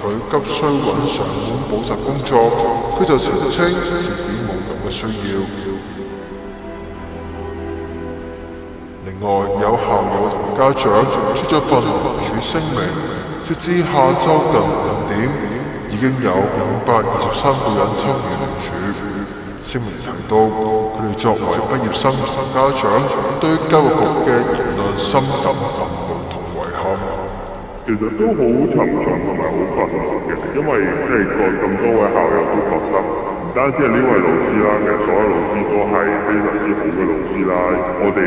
佢急需揾上門補習工作，佢就澄清自己冇咁嘅需要。另外，有校友同家長出咗份聯署聲明，截至下週近五點，已經有兩百二十三個人參與聯署。聲明提到，佢哋作為畢業生同家長，對於教育局嘅言論深感。其實都好沉悶同埋好煩嘅，因為即係個咁多位校友都覺得，唔單止係呢位老師啦，咁所有老師都係非常之好嘅老師啦。我哋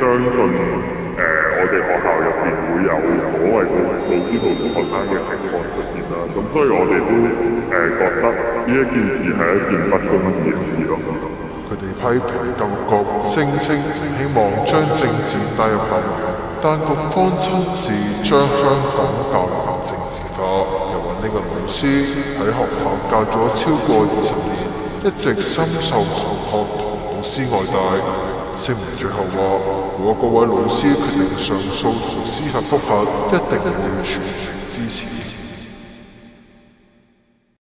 相信誒、呃，我哋學校入邊會有所謂嘅老師同同學嘅情況出現啦。咁、嗯、所以我哋都誒、呃、覺得呢一,一件事係一件不公嘅事咯。佢哋批評金國聲稱希望將政治帶入學校。但局方親自將張粉教政治撤，又話呢個老師喺學校教咗超過二十年，一直深受學生同老師愛戴。聲明最後話：如果各位老師決定上訴，同司法覆核，一定要全權支持。